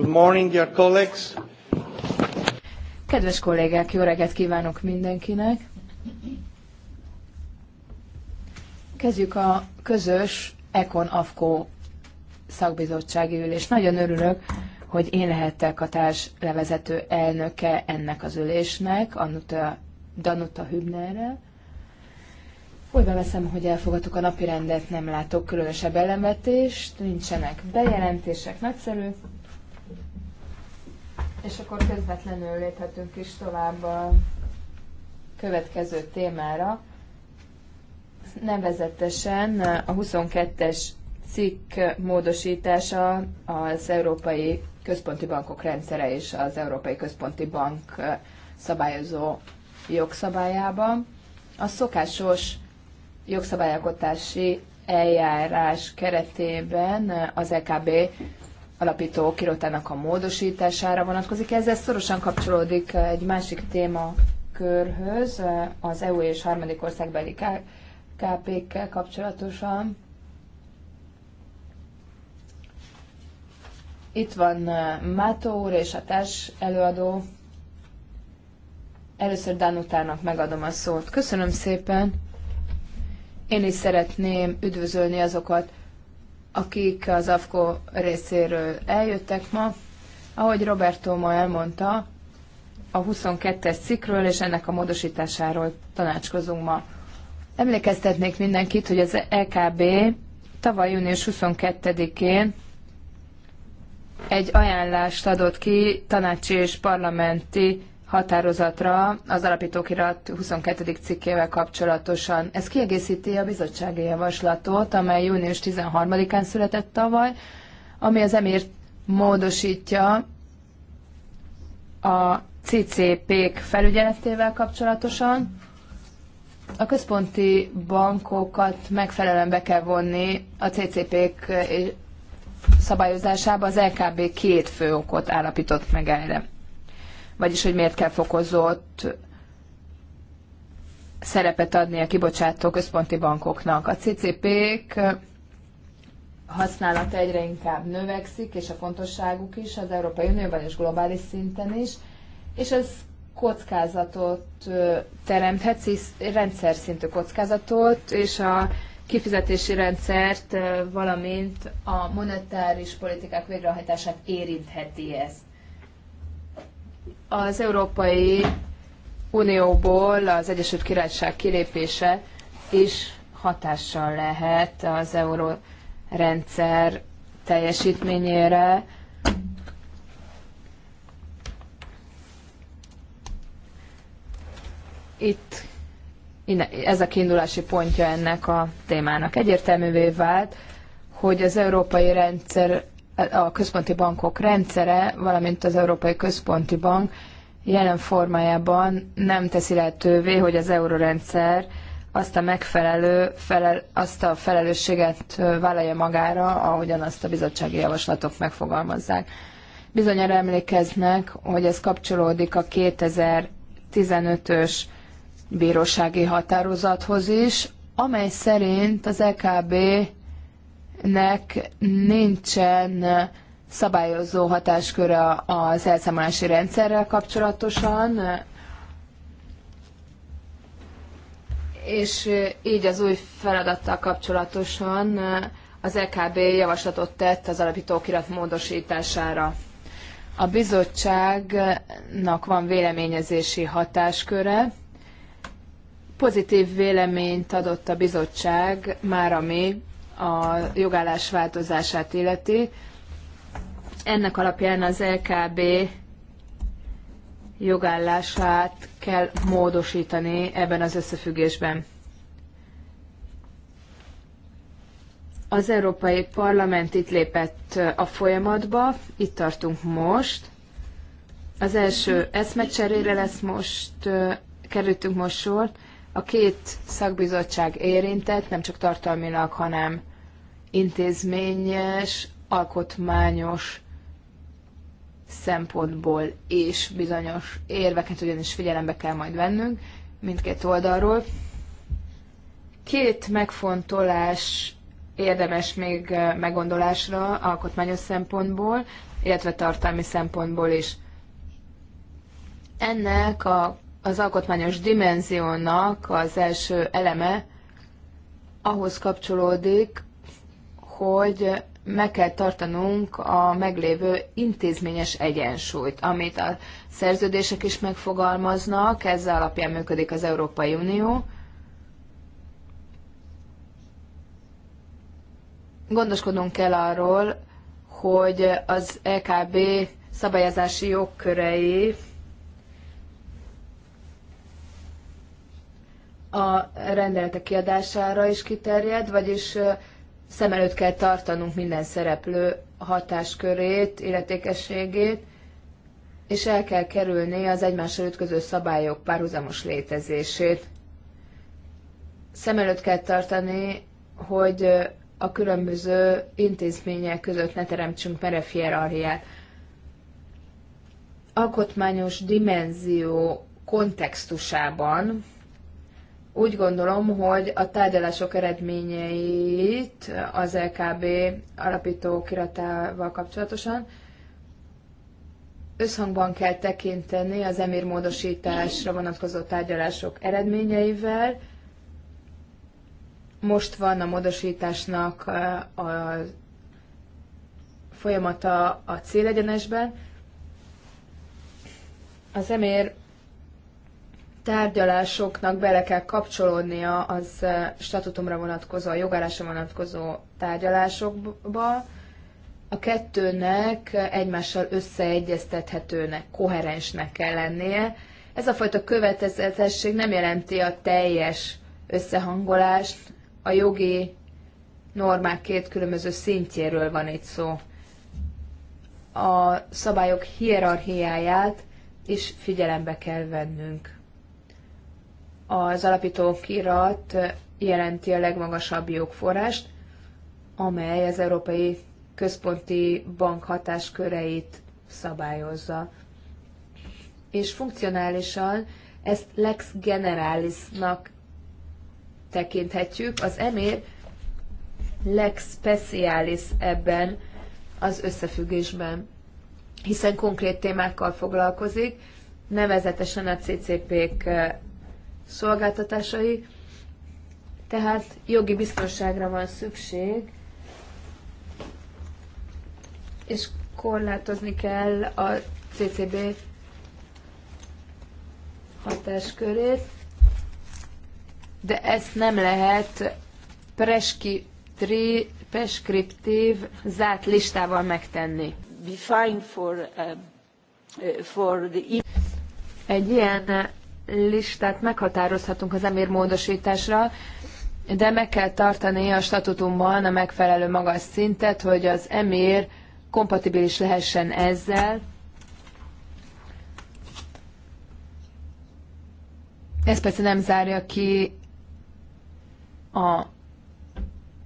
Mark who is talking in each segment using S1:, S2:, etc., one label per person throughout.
S1: Good morning, dear colleagues.
S2: Kedves kollégák, jó reggelt kívánok mindenkinek. Kezdjük a közös Econ Afko szakbizottsági ülés. Nagyon örülök, hogy én lehettek a társ levezető elnöke ennek az ülésnek, Anuta, Danuta Hübnerrel. Úgy veszem, hogy elfogadtuk a napi rendet, nem látok különösebb ellenvetést, nincsenek bejelentések, nagyszerű. És akkor közvetlenül léphetünk is tovább a következő témára. Nevezetesen a 22-es cikk módosítása az Európai Központi Bankok rendszere és az Európai Központi Bank szabályozó jogszabályában. A szokásos jogszabályalkotási eljárás keretében az EKB alapító okirotának a módosítására vonatkozik. Ezzel szorosan kapcsolódik eh, egy másik témakörhöz, eh, az EU és harmadik országbeli KP-kkel kapcsolatosan. Itt van eh, Mátó úr és a társ előadó. Először Dánutárnak megadom a szót. Köszönöm szépen. Én is szeretném üdvözölni azokat, akik az AFKO részéről eljöttek ma. Ahogy Roberto ma elmondta, a 22-es cikkről és ennek a módosításáról tanácskozunk ma. Emlékeztetnék mindenkit, hogy az EKB tavaly június 22-én egy ajánlást adott ki tanácsi és parlamenti határozatra az alapítókirat 22. cikkével kapcsolatosan. Ez kiegészíti a bizottsági javaslatot, amely június 13-án született tavaly, ami az emírt módosítja a CCP-k felügyeletével kapcsolatosan. A központi bankokat megfelelően be kell vonni a CCP-k eh, szabályozásába. Az LKB két fő okot állapított meg erre vagyis hogy miért kell fokozott szerepet adni a kibocsátó központi bankoknak. A CCP-k használata egyre inkább növekszik, és a fontosságuk is az Európai Unióban és globális szinten is, és ez kockázatot teremthet, rendszer szintű kockázatot, és a kifizetési rendszert, valamint a monetáris politikák végrehajtását érintheti ezt. Az Európai Unióból az Egyesült Királyság kilépése is hatással lehet az eurórendszer teljesítményére. Itt ez a kiindulási pontja ennek a témának. Egyértelművé vált, hogy az európai rendszer a központi bankok rendszere, valamint az Európai Központi Bank jelen formájában nem teszi lehetővé, hogy az eurórendszer azt a megfelelő, felel, azt a felelősséget vállalja magára, ahogyan azt a bizottsági javaslatok megfogalmazzák. Bizonyára emlékeznek, hogy ez kapcsolódik a 2015-ös bírósági határozathoz is, amely szerint az LKB e nek nincsen szabályozó hatásköre az elszámolási rendszerrel kapcsolatosan, és így az új feladattal kapcsolatosan az EKB javaslatot tett az alapítókirat módosítására. A bizottságnak van véleményezési hatásköre. Pozitív véleményt adott a bizottság már ami a jogállás változását illeti. Ennek alapján az LKB jogállását kell módosítani ebben az összefüggésben. Az Európai Parlament itt lépett a folyamatba, itt tartunk most. Az első eszmecserére lesz most, kerültünk most sor. A két szakbizottság érintett, nem csak tartalmilag, hanem intézményes, alkotmányos szempontból és bizonyos érveket ugyanis figyelembe kell majd vennünk mindkét oldalról. Két megfontolás érdemes még meggondolásra alkotmányos szempontból, illetve tartalmi szempontból is. Ennek a, az alkotmányos dimenziónak az első eleme ahhoz kapcsolódik, hogy meg kell tartanunk a meglévő intézményes egyensúlyt, amit a szerződések is megfogalmaznak, Ezzel alapján működik az Európai Unió. Gondoskodnunk kell arról, hogy az EKB szabályozási jogkörei a rendeletek kiadására is kiterjed, vagyis szem előtt kell tartanunk minden szereplő hatáskörét, illetékességét, és el kell kerülni az egymással ütköző szabályok párhuzamos létezését. Szem előtt kell tartani, hogy a különböző intézmények között ne teremtsünk merev hierarchiát. Alkotmányos dimenzió kontextusában úgy gondolom, hogy a tárgyalások eredményeit az LKB alapító kiratával kapcsolatosan összhangban kell tekinteni az emír módosításra vonatkozó tárgyalások eredményeivel. Most van a módosításnak a folyamata a célegyenesben. Az emér tárgyalásoknak bele kell kapcsolódnia az eh, statutumra vonatkozó, a jogállásra vonatkozó tárgyalásokba, a kettőnek egymással összeegyeztethetőnek, koherensnek kell lennie. Ez a fajta következetesség nem jelenti a teljes összehangolást, a jogi normák két különböző szintjéről van itt szó. A szabályok hierarchiáját is figyelembe kell vennünk az alapító irat jelenti a legmagasabb jogforrást, amely az Európai Központi Bank hatásköreit szabályozza. És funkcionálisan ezt lex generalisnak tekinthetjük, az emér lex specialis ebben az összefüggésben, hiszen konkrét témákkal foglalkozik, nevezetesen a CCP-k szolgáltatásai, tehát jogi biztonságra van szükség, és korlátozni kell a CCB hatáskörét, de ezt nem lehet preskriptív zárt listával megtenni.
S3: For, uh, uh, for the... E-
S2: Egy ilyen listát meghatározhatunk az emir módosításra, de meg kell tartani a statutumban a megfelelő magas szintet, hogy az emir kompatibilis lehessen ezzel. Ez persze nem zárja ki a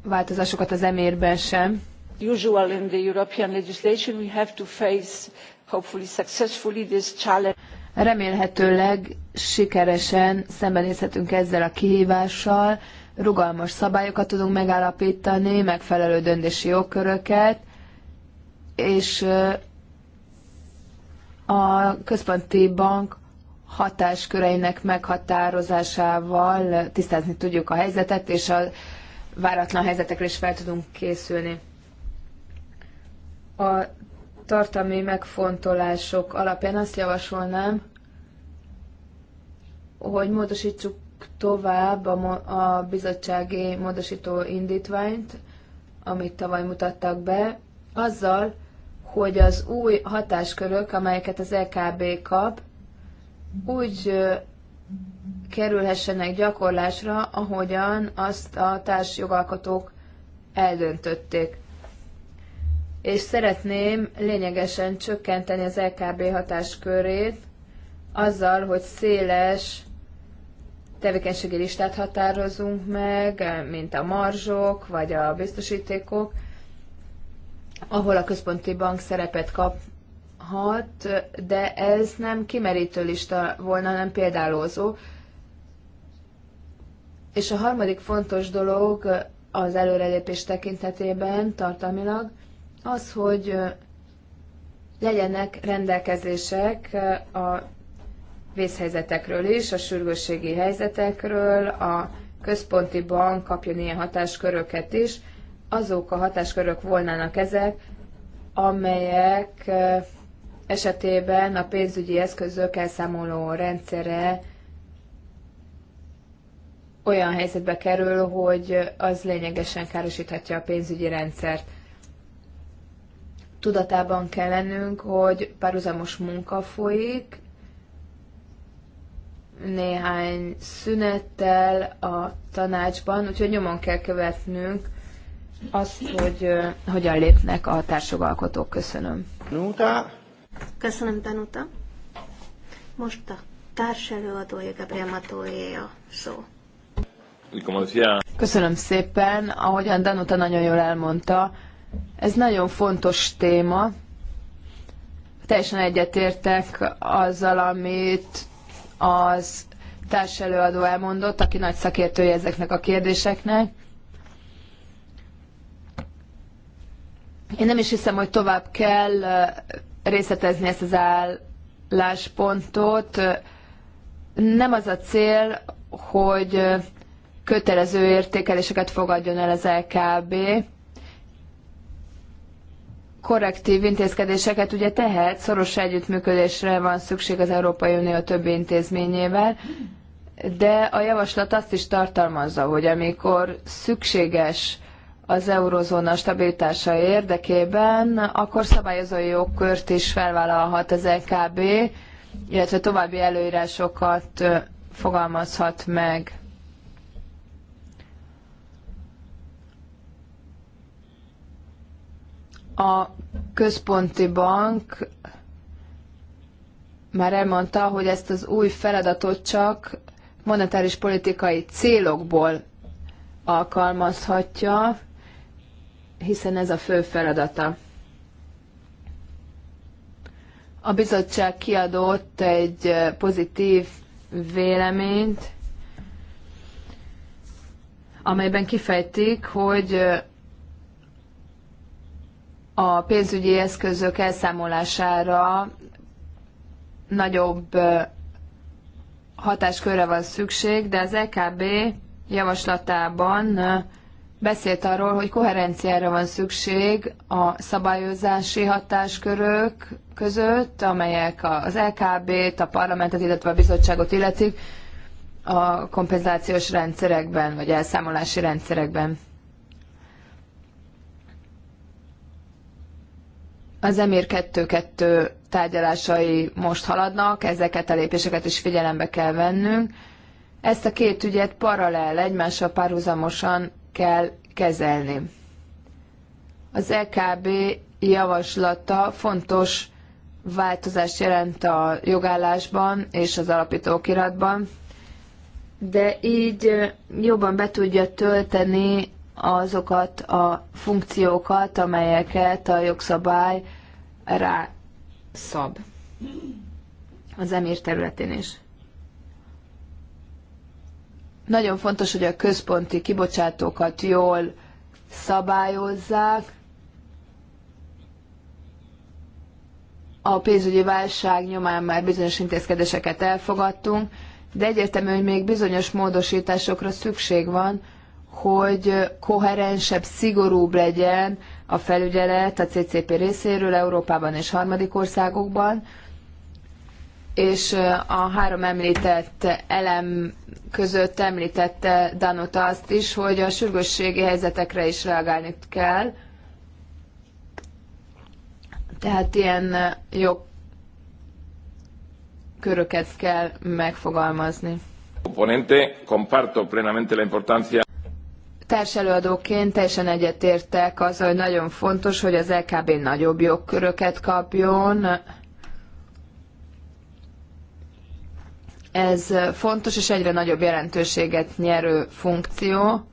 S2: változásokat az emérben sem.
S3: Usual in the European legislation we have to face hopefully successfully this challenge.
S2: Remélhetőleg sikeresen szembenézhetünk ezzel a kihívással, rugalmas szabályokat tudunk megállapítani, megfelelő döntési jogköröket, és a központi bank hatásköreinek meghatározásával tisztázni tudjuk a helyzetet, és a váratlan helyzetekre is fel tudunk készülni. A tartalmi megfontolások alapján azt javasolnám, hogy módosítsuk tovább a, a bizottsági módosító indítványt, amit tavaly mutattak be, azzal, hogy az új hatáskörök, amelyeket az EKB kap, úgy kerülhessenek gyakorlásra, ahogyan azt a társjogalkotók eldöntötték és szeretném lényegesen csökkenteni az LKB hatáskörét azzal, hogy széles tevékenységi listát határozunk meg, mint a marzsok vagy a biztosítékok, ahol a központi bank szerepet kaphat, de ez nem kimerítő lista volna, hanem példálózó. És a harmadik fontos dolog az előrelépés tekintetében tartalmilag, az, hogy legyenek rendelkezések a vészhelyzetekről is, a sürgősségi helyzetekről, a központi bank kapjon ilyen hatásköröket is, azok a hatáskörök volnának ezek, amelyek esetében a pénzügyi eszközök elszámoló rendszere olyan helyzetbe kerül, hogy az lényegesen károsíthatja a pénzügyi rendszert tudatában kell lennünk, hogy párhuzamos munka folyik, néhány szünettel a tanácsban, úgyhogy nyomon kell követnünk
S1: azt, hogy
S2: hogyan lépnek a társjogalkotók. Köszönöm.
S1: Nuta. Köszönöm, Danuta. Most a társelőadója Gabriel Matóé a szó.
S2: Köszönöm szépen. Ahogyan Danuta nagyon jól elmondta, ez nagyon fontos téma. Teljesen egyetértek azzal, amit az társelőadó elmondott, aki nagy szakértője ezeknek a kérdéseknek. Én nem is hiszem, hogy tovább kell részletezni ezt az álláspontot. Nem az a cél, hogy kötelező értékeléseket fogadjon el az LKB, korrektív intézkedéseket ugye tehet, szoros együttműködésre van szükség az Európai Unió többi intézményével, de a javaslat azt is tartalmazza, hogy amikor szükséges az eurozóna stabilitása érdekében, akkor szabályozói jogkört is felvállalhat az EKB, illetve további előírásokat fogalmazhat meg. A központi bank már elmondta, hogy ezt az új feladatot csak monetáris politikai célokból alkalmazhatja, hiszen ez a fő feladata. A bizottság kiadott egy pozitív véleményt, amelyben kifejtik, hogy a pénzügyi eszközök elszámolására nagyobb hatáskörre van szükség, de az EKB javaslatában beszélt arról, hogy koherenciára van szükség a szabályozási hatáskörök között, amelyek az LKB-t, e a parlamentet, illetve a bizottságot illetik a kompenzációs rendszerekben, vagy elszámolási rendszerekben. Az Emir 2 kettő tárgyalásai most haladnak, ezeket a lépéseket is figyelembe kell vennünk. Ezt a két ügyet paralel, egymással párhuzamosan kell kezelni. Az EKB javaslata fontos változást jelent a jogállásban és az alapítókiratban, de így jobban be tudja tölteni azokat a funkciókat, amelyeket a jogszabály rá szab az emír területén is. Nagyon fontos, hogy a központi kibocsátókat jól szabályozzák. A pénzügyi válság nyomán már bizonyos intézkedéseket elfogadtunk, de egyértelmű, hogy még bizonyos módosításokra szükség van, hogy koherensebb, szigorúbb legyen a felügyelet a CCP részéről Európában és harmadik országokban, és a három említett elem között említette Danuta azt is, hogy a sürgősségi helyzetekre is reagálni kell. Tehát ilyen jogköröket kell megfogalmazni.
S3: Componente, comparto plenamente la importancia
S2: Társelőadóként teljesen egyetértek az, hogy nagyon fontos, hogy az LKB nagyobb jogköröket kapjon. Ez fontos és egyre nagyobb jelentőséget nyerő funkció.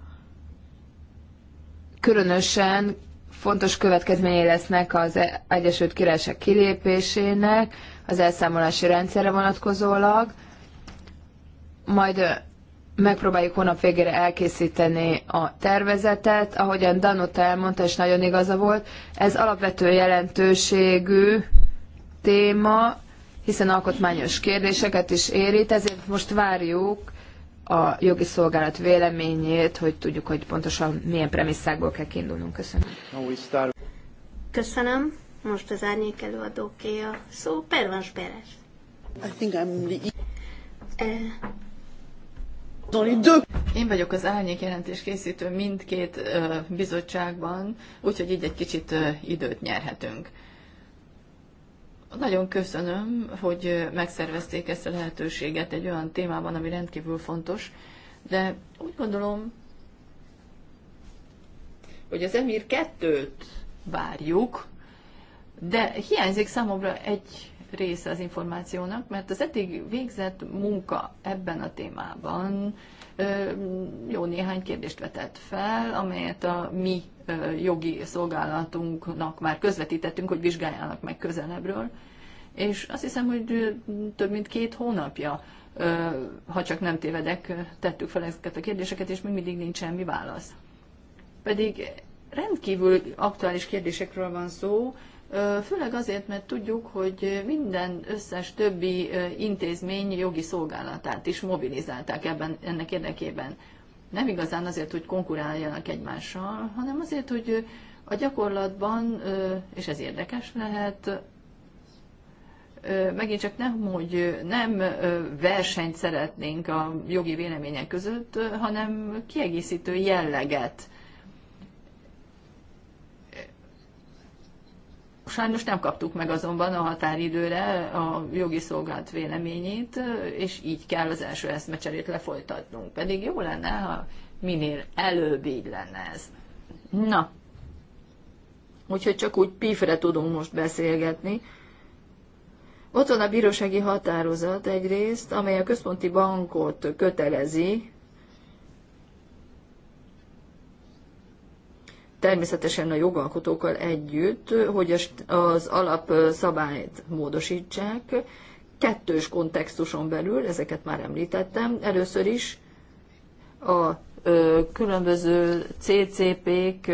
S2: Különösen fontos következményei lesznek az Egyesült Királyság kilépésének, az elszámolási rendszerre vonatkozólag. Majd megpróbáljuk hónap végére elkészíteni a tervezetet. Ahogyan Danuta elmondta, és nagyon igaza volt, ez alapvető jelentőségű téma, hiszen alkotmányos kérdéseket is érít, ezért most várjuk a jogi szolgálat véleményét, hogy tudjuk, hogy pontosan milyen premisszákból kell kiindulnunk. Köszönöm.
S1: Köszönöm. Most az árnyék előadóké a szó. Pervans Peres. I think I'm the... Eh,
S3: én vagyok az árnyék jelentés készítő mindkét ö, bizottságban, úgyhogy így egy kicsit ö, időt nyerhetünk. Nagyon köszönöm, hogy megszervezték ezt a lehetőséget egy olyan témában, ami rendkívül fontos, de úgy gondolom, hogy az Emir 2-t várjuk, de hiányzik számomra egy része az információnak, mert az eddig végzett munka ebben a témában jó néhány kérdést vetett fel, amelyet a mi jogi szolgálatunknak már közvetítettünk, hogy vizsgáljanak meg közelebbről, és azt hiszem, hogy több mint két hónapja, ha csak nem tévedek, tettük fel ezeket a kérdéseket, és még mindig nincs semmi válasz. Pedig rendkívül aktuális kérdésekről van szó, főleg azért, mert tudjuk, hogy minden összes többi intézmény jogi szolgálatát is mobilizálták ebben, ennek érdekében. Nem igazán azért, hogy konkuráljanak egymással, hanem azért, hogy a gyakorlatban, és ez érdekes lehet, megint csak nem, hogy nem versenyt szeretnénk a jogi vélemények között, hanem kiegészítő jelleget Sajnos nem kaptuk meg azonban a határidőre a jogi szolgált véleményét, és így kell az első eszmecserét lefolytatnunk. Pedig jó lenne, ha minél előbb így lenne ez. Na, úgyhogy csak úgy pifre tudunk most beszélgetni. Ott van a bírósági határozat egyrészt, amely a központi bankot kötelezi természetesen a jogalkotókkal együtt, hogy az alapszabályt módosítsák, kettős kontextuson belül, ezeket már említettem, először is a különböző CCP-k,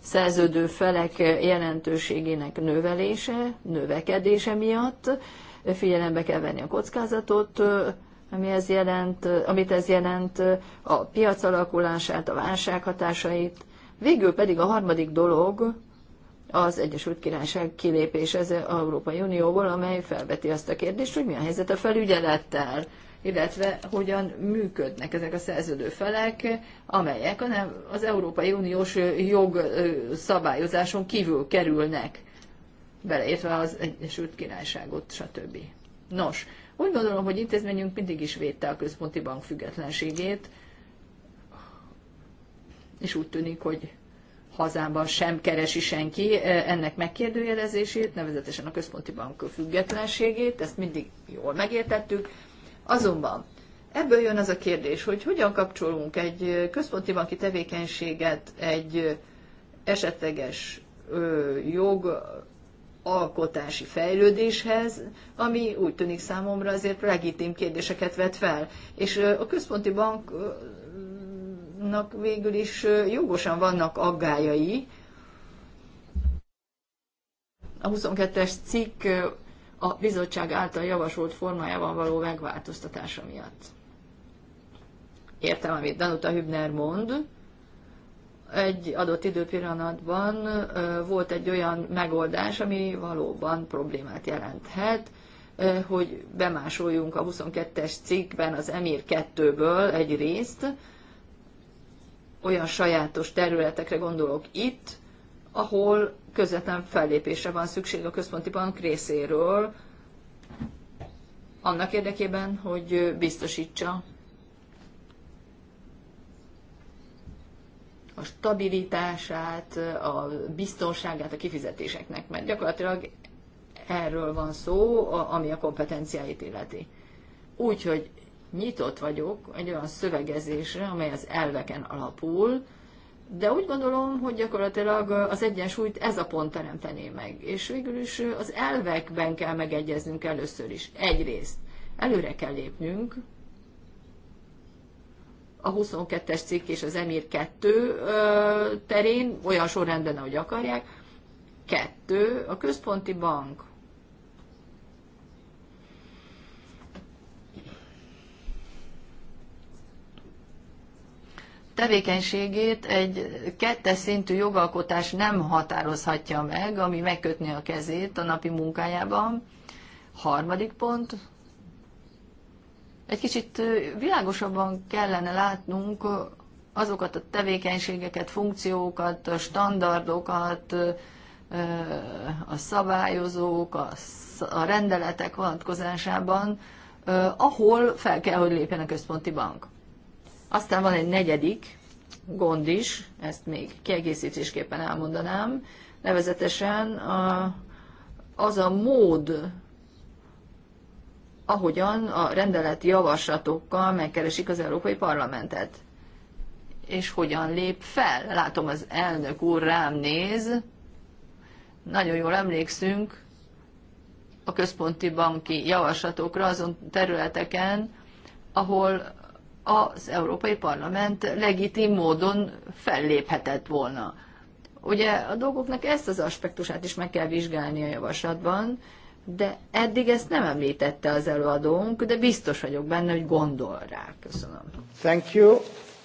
S3: szerződő felek jelentőségének növelése, növekedése miatt figyelembe kell venni a kockázatot, ami ez jelent, amit ez jelent, a piac alakulását, a válság hatásait, Végül pedig a harmadik dolog az Egyesült Királyság kilépése az Európai Unióból, amely felveti azt a kérdést, hogy mi a helyzet a felügyelettel, illetve hogyan működnek ezek a szerződő felek, amelyek az Európai Uniós jogszabályozáson kívül kerülnek, beleértve az Egyesült Királyságot, stb. Nos, úgy gondolom, hogy intézményünk mindig is védte a központi bank függetlenségét, és úgy tűnik, hogy hazában sem keresi senki eh, ennek megkérdőjelezését, nevezetesen a központi bank függetlenségét, ezt mindig jól megértettük. Azonban ebből jön az a kérdés, hogy hogyan kapcsolunk egy eh, központi banki tevékenységet egy eh, esetleges jogalkotási fejlődéshez, ami úgy tűnik számomra azért legitim kérdéseket vet fel. És a központi bank bizottságnak végül is jogosan vannak aggályai. A 22-es cikk a bizottság által javasolt formájában való megváltoztatása miatt. Értem, amit Danuta Hübner mond. Egy adott időpillanatban volt egy olyan megoldás, ami valóban problémát jelenthet, hogy bemásoljunk a 22-es cikkben az Emir 2-ből egy részt, olyan sajátos területekre gondolok itt, ahol közvetlen fellépésre van szükség a központi bank részéről, annak érdekében, hogy biztosítsa a stabilitását, a biztonságát a kifizetéseknek, mert gyakorlatilag erről van szó, ami a kompetenciáit illeti. Úgyhogy nyitott vagyok egy olyan szövegezésre, amely az elveken alapul, de úgy gondolom, hogy gyakorlatilag az egyensúlyt ez a pont teremtené meg. És végül is az elvekben kell megegyeznünk először is. Egyrészt előre kell lépnünk, a 22-es cikk és az Emir 2 terén, olyan sorrendben, ahogy akarják. Kettő, a központi bank tevékenységét egy kettes szintű jogalkotás nem határozhatja meg, ami megkötni a kezét a napi munkájában. Harmadik pont, egy kicsit világosabban kellene látnunk azokat a tevékenységeket, funkciókat, a standardokat, a szabályozók, a rendeletek vonatkozásában, ahol fel kell, hogy lépjen a központi bank. Aztán van egy negyedik gond is, ezt még kiegészítésképpen elmondanám, nevezetesen a, az a mód, ahogyan a rendelet javaslatokkal megkeresik az Európai Parlamentet. És hogyan lép fel? Látom, az elnök úr rám néz. Nagyon jól emlékszünk a központi banki javaslatokra azon területeken, ahol az Európai Parlament legitim módon felléphetett volna. Ugye a dolgoknak ezt az aspektusát is meg kell vizsgálni a javaslatban, de eddig ezt nem említette az előadónk, de biztos vagyok benne, hogy gondol
S1: rá. Köszönöm. Thank you.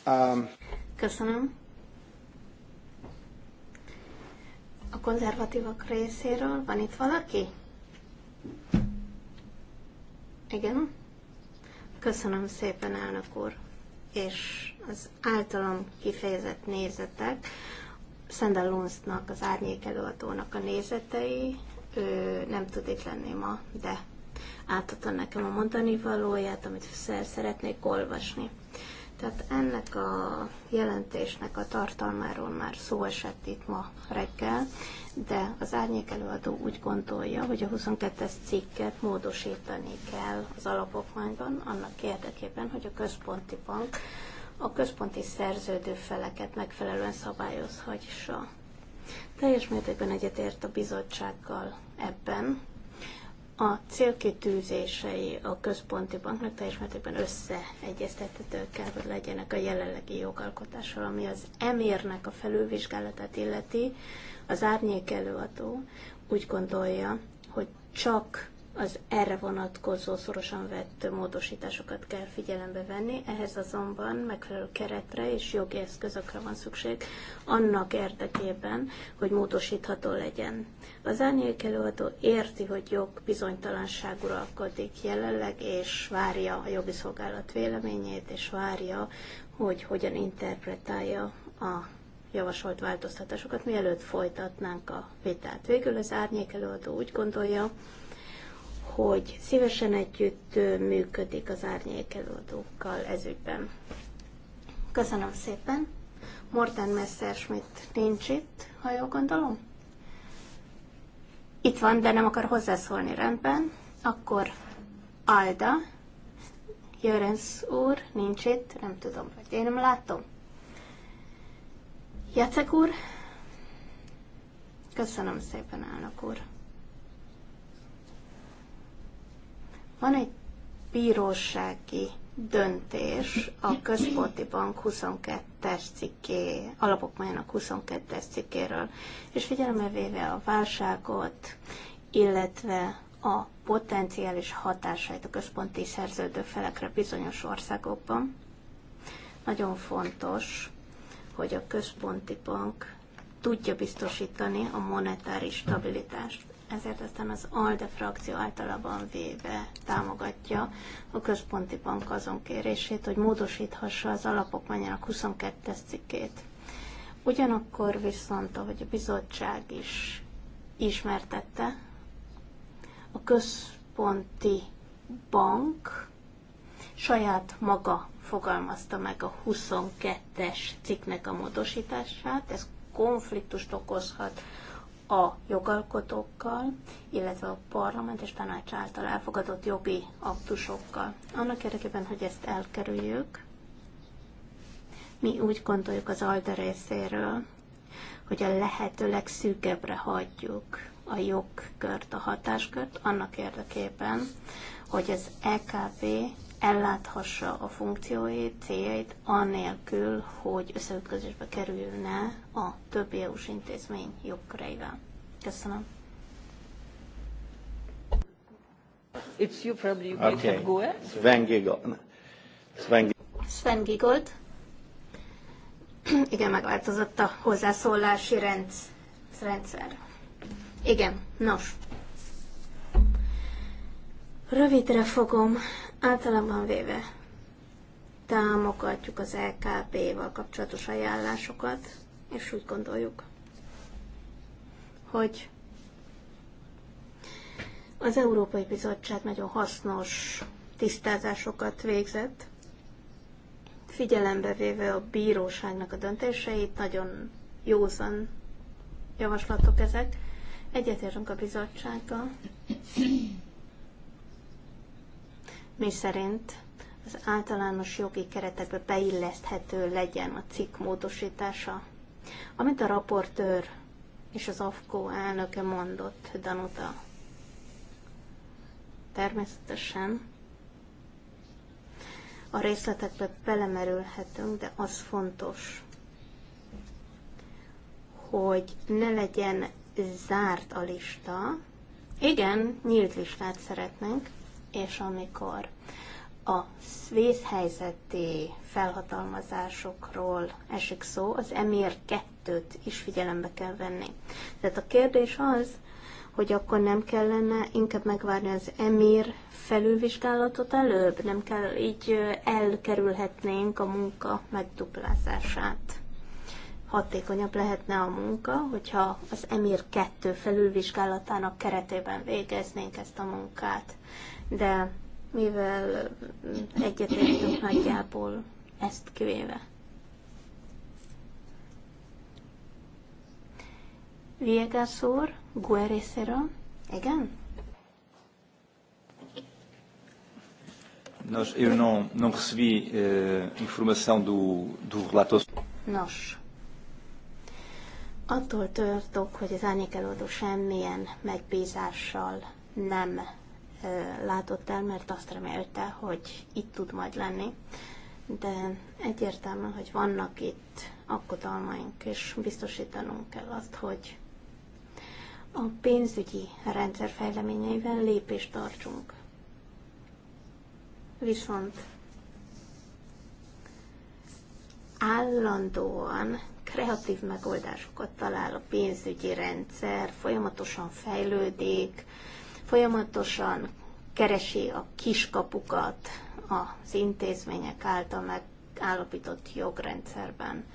S1: Um... Köszönöm. A konzervatívok részéről van itt valaki? Igen. Köszönöm szépen, elnök úr, és az általam kifejezett nézetek, Szendel Lunsznak, az árnyék előadónak a nézetei, ő nem tud itt lenni ma, de átadta nekem a mondani valóját, amit szeretnék olvasni. Tehát ennek a jelentésnek a tartalmáról már szó esett itt ma reggel, de az árnyék előadó úgy gondolja, hogy a 22-es cikket módosítani kell az alapokmányban annak érdekében, hogy a központi bank a központi szerződő feleket megfelelően szabályozhassa. Teljes mértékben egyetért a bizottsággal ebben, a célkitűzései a központi banknak teljes mértékben összeegyeztethetők kell, hogy legyenek a jelenlegi jogalkotással, ami az emérnek a felülvizsgálatát illeti. Az árnyék előadó úgy gondolja, hogy csak az erre vonatkozó szorosan vett módosításokat kell figyelembe venni, ehhez azonban megfelelő keretre és jogi eszközökre van szükség annak érdekében, hogy módosítható legyen. Az árnyék előadó érti, hogy jog bizonytalanság uralkodik jelenleg, és várja a jogi szolgálat véleményét, és várja, hogy hogyan interpretálja a javasolt változtatásokat, mielőtt folytatnánk a vitát. Végül az árnyék előadó úgy gondolja, hogy szívesen együtt működik az árnyékelődókkal ezügyben. Köszönöm szépen. Morten Messerschmidt nincs itt, ha jól gondolom. Itt van, de nem akar hozzászólni rendben. Akkor Alda, Jörens úr nincs itt, nem tudom, vagy én nem látom. Jacek úr, köszönöm szépen, elnök úr. Van egy bírósági döntés a központi bank 22-es cikké, alapokmánynak 22-es cikkéről, és figyelembe véve a válságot, illetve a potenciális hatásait a központi szerződő felekre bizonyos országokban, nagyon fontos, hogy a központi bank tudja biztosítani a monetáris stabilitást ezért aztán az ALDE frakció általában véve támogatja a központi bank azon kérését, hogy módosíthassa az alapok alapokmányának 22-es cikkét. Ugyanakkor viszont, ahogy a bizottság is ismertette, a központi bank saját maga fogalmazta meg a 22-es cikknek a módosítását, ez konfliktust okozhat a jogalkotókkal, illetve a parlament és tanács által elfogadott jogi aktusokkal. Annak érdekében, hogy ezt elkerüljük, mi úgy gondoljuk az ALDE részéről, hogy a lehető legszűkebbre hagyjuk a jogkört, a hatáskört, annak érdekében, hogy az EKP elláthassa a funkcióit, céljait, anélkül, hogy összeütközésbe kerülne a többi eu intézmény jogköreivel. Köszönöm. It's you probably you okay. go Goe. Sven Gigold. Sven, Sven Gigold. Igen, megváltozott a hozzászólási rendszer. Igen, nos. Rövidre fogom Általában véve támogatjuk az LKB-val kapcsolatos ajánlásokat, és úgy gondoljuk, hogy az Európai Bizottság nagyon hasznos tisztázásokat végzett, figyelembe véve a bíróságnak a döntéseit, nagyon józan javaslatok ezek. Egyetértünk a bizottsággal, mi szerint az általános jogi keretekbe beilleszthető legyen a cikk módosítása. Amit a raportőr és az AFKO elnöke mondott, Danuta, természetesen a részletekbe belemerülhetünk, de az fontos, hogy ne legyen zárt a lista. Igen, nyílt listát szeretnénk, és amikor a vészhelyzeti felhatalmazásokról esik szó, az emir 2-t is figyelembe kell venni. Tehát a kérdés az, hogy akkor nem kellene inkább megvárni az emir felülvizsgálatot előbb, nem kell, így elkerülhetnénk a munka megduplázását. Hatékonyabb lehetne a munka, hogyha az emir 2 felülvizsgálatának keretében végeznénk ezt a munkát de mivel egyetértünk nagyjából ezt kivéve. Viegas úr, Igen?
S3: Nos, eu não, não recebi uh, informação do, do relator.
S1: Nos. Attól törtök, hogy az árnyékelődő semmilyen megbízással nem látott el, mert azt remélte, hogy itt tud majd lenni. De egyértelmű, hogy vannak itt akkodalmaink, és biztosítanunk kell azt, hogy a pénzügyi rendszer fejleményeivel lépést tartsunk. Viszont állandóan kreatív megoldásokat talál a pénzügyi rendszer, folyamatosan fejlődik, folyamatosan keresi a kiskapukat az intézmények által megállapított jogrendszerben.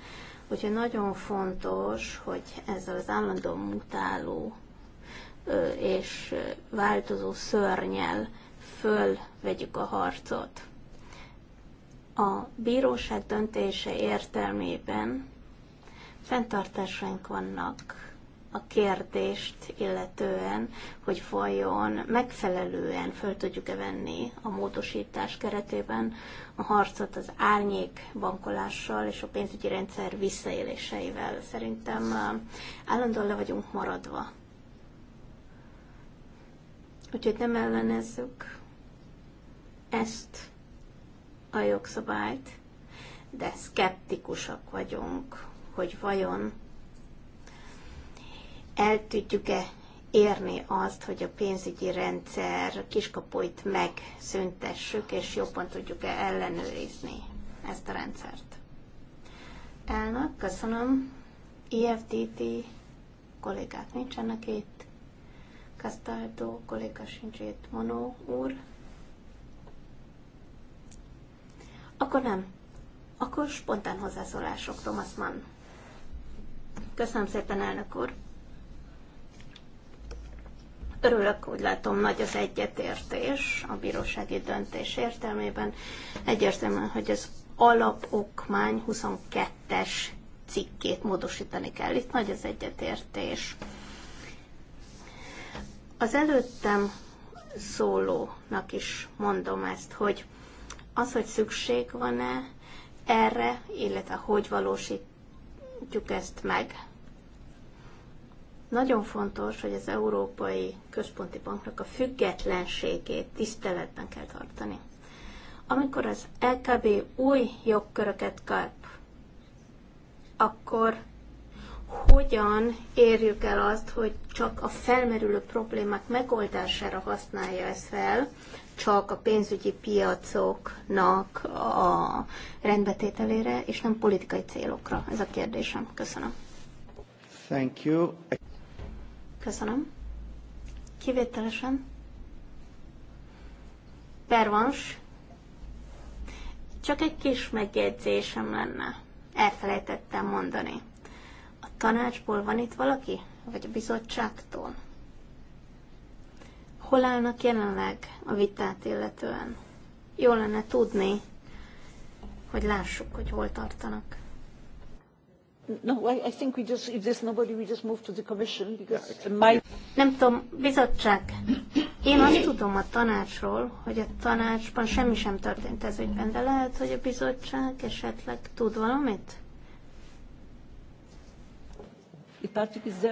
S1: Úgyhogy nagyon fontos, hogy ezzel az állandó mutáló és változó szörnyel fölvegyük a harcot. A bíróság döntése értelmében fenntartásaink vannak a kérdést illetően, hogy vajon megfelelően föl tudjuk-e venni a módosítás keretében a harcot az árnyék bankolással és a pénzügyi rendszer visszaéléseivel. Szerintem eh, állandóan le vagyunk maradva. Úgyhogy nem ellenezzük ezt a jogszabályt, de szkeptikusak vagyunk, hogy vajon el tudjuk-e érni azt, hogy a pénzügyi rendszer kiskapuit megszüntessük, és jobban tudjuk-e ellenőrizni ezt a rendszert. Elnök, köszönöm. IFTT kollégák nincsenek itt. Castaldo kolléga sincs itt. Monó úr. Akkor nem. Akkor spontán hozzászólások, Thomas Mann. Köszönöm szépen, elnök úr. Örülök, úgy látom, nagy az egyetértés a bírósági döntés értelmében. Egyértelműen, hogy az alapokmány 22-es cikkét módosítani kell. Itt nagy az egyetértés. Az előttem szólónak is mondom ezt, hogy az, hogy szükség van-e erre, illetve hogy valósítjuk ezt meg, nagyon fontos, hogy az Európai Központi Banknak a függetlenségét tiszteletben kell tartani. Amikor az LKB új jogköröket kap, akkor hogyan érjük el azt, hogy csak a felmerülő problémák megoldására használja ezt fel, csak a pénzügyi piacoknak a rendbetételére, és nem politikai célokra? Ez a kérdésem. Köszönöm. Thank you. Köszönöm. Kivételesen. Pervans. Csak egy kis megjegyzésem lenne. Elfelejtettem mondani. A tanácsból van itt valaki? Vagy a bizottságtól? Hol állnak jelenleg a vitát illetően? Jó lenne tudni, hogy lássuk, hogy hol tartanak. Nem tudom, bizottság, én azt tudom a tanácsról, hogy a tanácsban semmi sem történt ez ügyben, de lehet, hogy a bizottság esetleg tud valamit? Would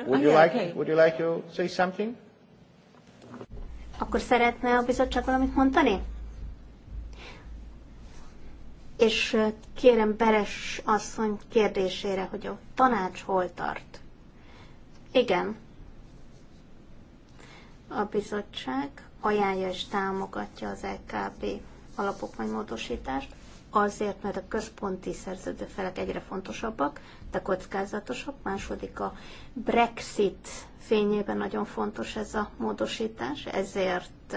S1: ah, you like, would you like
S3: to say something?
S1: Akkor szeretne a bizottság valamit mondani? És kérem Beres asszony kérdésére, hogy a tanács hol tart. Igen. A bizottság ajánlja és támogatja az LKB alapokmai módosítást, azért, mert a központi szerződő felek egyre fontosabbak, de kockázatosak. Második a Brexit fényében nagyon fontos ez a módosítás, ezért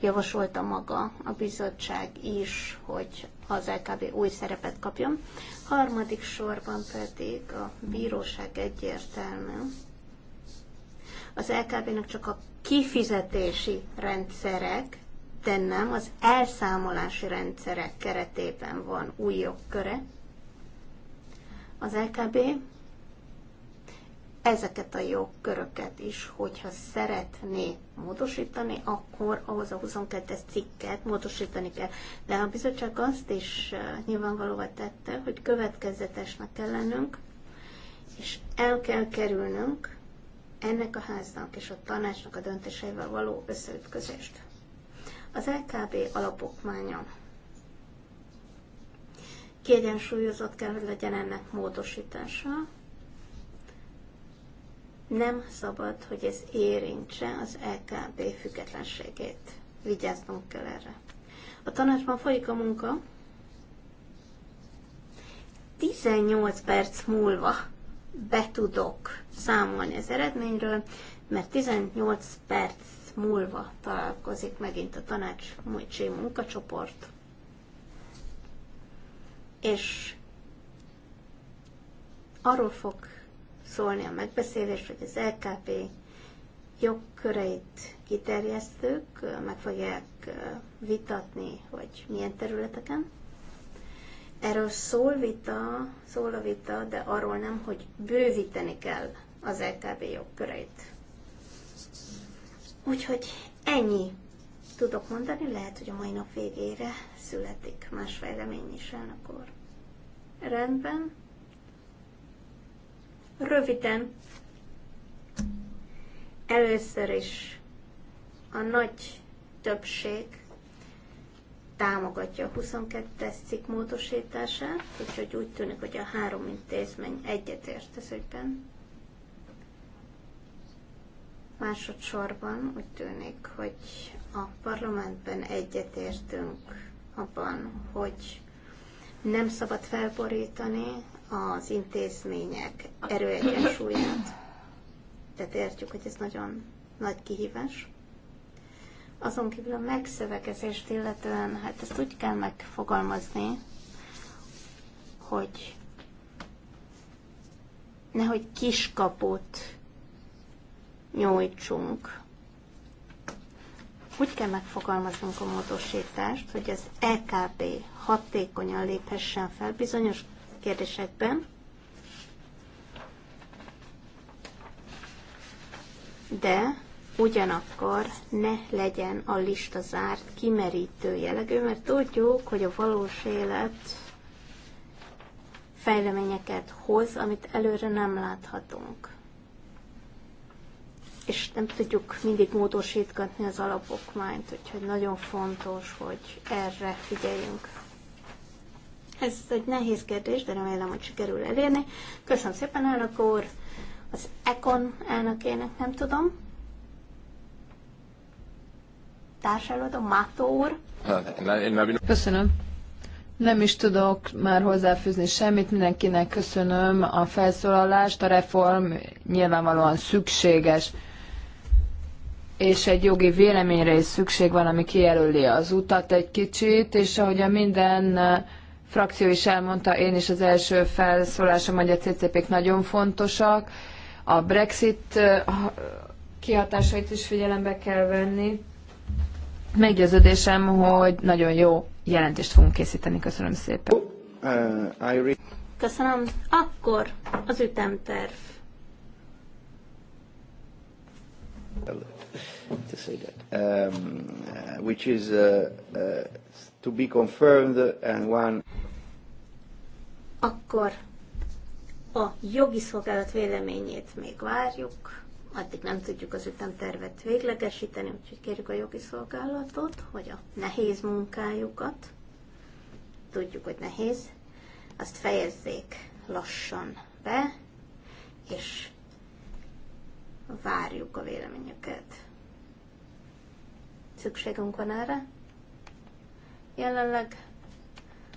S1: javasolta maga a bizottság is, hogy az LKB új szerepet kapjon. Harmadik sorban pedig a bíróság egyértelmű. Az LKB-nak csak a kifizetési rendszerek, de nem az elszámolási rendszerek keretében van új jogköre. Az LKB ezeket a jogköröket is, hogyha szeretné módosítani, akkor ahhoz a 22-es cikket módosítani kell. De a bizottság azt is eh, nyilvánvalóan tette, hogy következetesnek kell lennünk, és el kell kerülnünk ennek a háznak és a tanácsnak a döntéseivel való összeütközést. Az LKB alapokmánya kiegyensúlyozott kell, hogy legyen ennek módosítása, nem szabad, hogy ez érintse az LKB függetlenségét. Vigyáznunk kell erre. A tanácsban folyik a munka. 18 perc múlva be tudok számolni az eredményről, mert 18 perc múlva találkozik megint a tanács múlcsi munkacsoport, és arról fog szólni a megbeszélés, hogy az LKP jogköreit kiterjesztők meg fogják vitatni, hogy milyen területeken. Erről szól, vita, szól a vita, de arról nem, hogy bővíteni kell az LKB jogköreit. Úgyhogy ennyi tudok mondani, lehet, hogy a mai nap végére születik más fejlemény is elnök Rendben, Röviden, először is a nagy többség támogatja a 22-es cikk módosítását, úgyhogy úgy tűnik, hogy a három intézmény egyetért az ügyben. Másodszorban úgy tűnik, hogy a parlamentben egyetértünk abban, hogy nem szabad felborítani az intézmények erőegyensúlyát. Tehát értjük, hogy ez nagyon nagy kihívás. Azon kívül a megszövegezést illetően, hát ezt úgy kell megfogalmazni, hogy nehogy kiskaput nyújtsunk úgy kell megfogalmaznunk a módosítást, hogy az EKB hatékonyan léphessen fel bizonyos kérdésekben, de ugyanakkor ne legyen a lista zárt, kimerítő jellegű, mert tudjuk, hogy a valós élet fejleményeket hoz, amit előre nem láthatunk és nem tudjuk mindig módosítgatni az alapokmányt, úgyhogy nagyon fontos, hogy erre figyeljünk. Ez egy nehéz kérdés, de remélem, hogy sikerül elérni. Köszönöm szépen, elnök úr! Az Econ elnökének nem tudom. Társelődő, Mátó úr.
S2: Köszönöm. Nem is tudok már hozzáfűzni semmit, mindenkinek köszönöm a felszólalást, a reform nyilvánvalóan szükséges és egy jogi véleményre is szükség van, ami kijelöli az utat egy kicsit, és ahogy a minden uh, frakció is elmondta, én is az első felszólásom, hogy a ccp nagyon fontosak. A Brexit uh, kihatásait is figyelembe kell venni. Meggyőződésem, hogy nagyon jó jelentést fogunk készíteni. Köszönöm szépen.
S1: Uh, Köszönöm. Akkor az ütemterv. Hello to say that, um, uh, which is uh, uh, to be confirmed and one. Akkor a jogi szolgálat véleményét még várjuk, addig nem tudjuk az ütemtervet véglegesíteni, úgyhogy kérjük a jogi szolgálatot, hogy a nehéz munkájukat, tudjuk, hogy nehéz, azt fejezzék lassan be, és várjuk a véleményeket szükségünk van erre. Jelenleg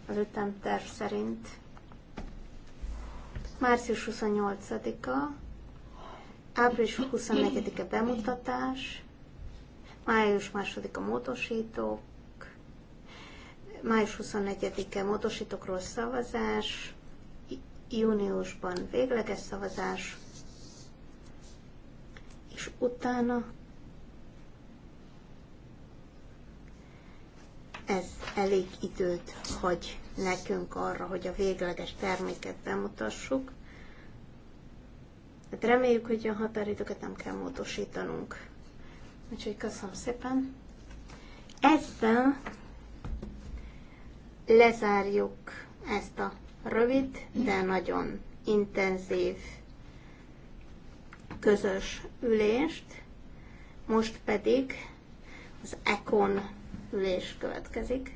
S1: az terv szerint március 28-a, április 24-e bemutatás, május 2-a módosítók, május 24-e módosítókról szavazás, júniusban végleges szavazás, és utána ez elég időt hagy nekünk arra, hogy a végleges terméket bemutassuk. Hát reméljük, hogy a határidőket nem kell módosítanunk. Úgyhogy köszönöm szépen. Ezzel lezárjuk ezt a rövid, de nagyon intenzív közös ülést. Most pedig az Econ ülés következik.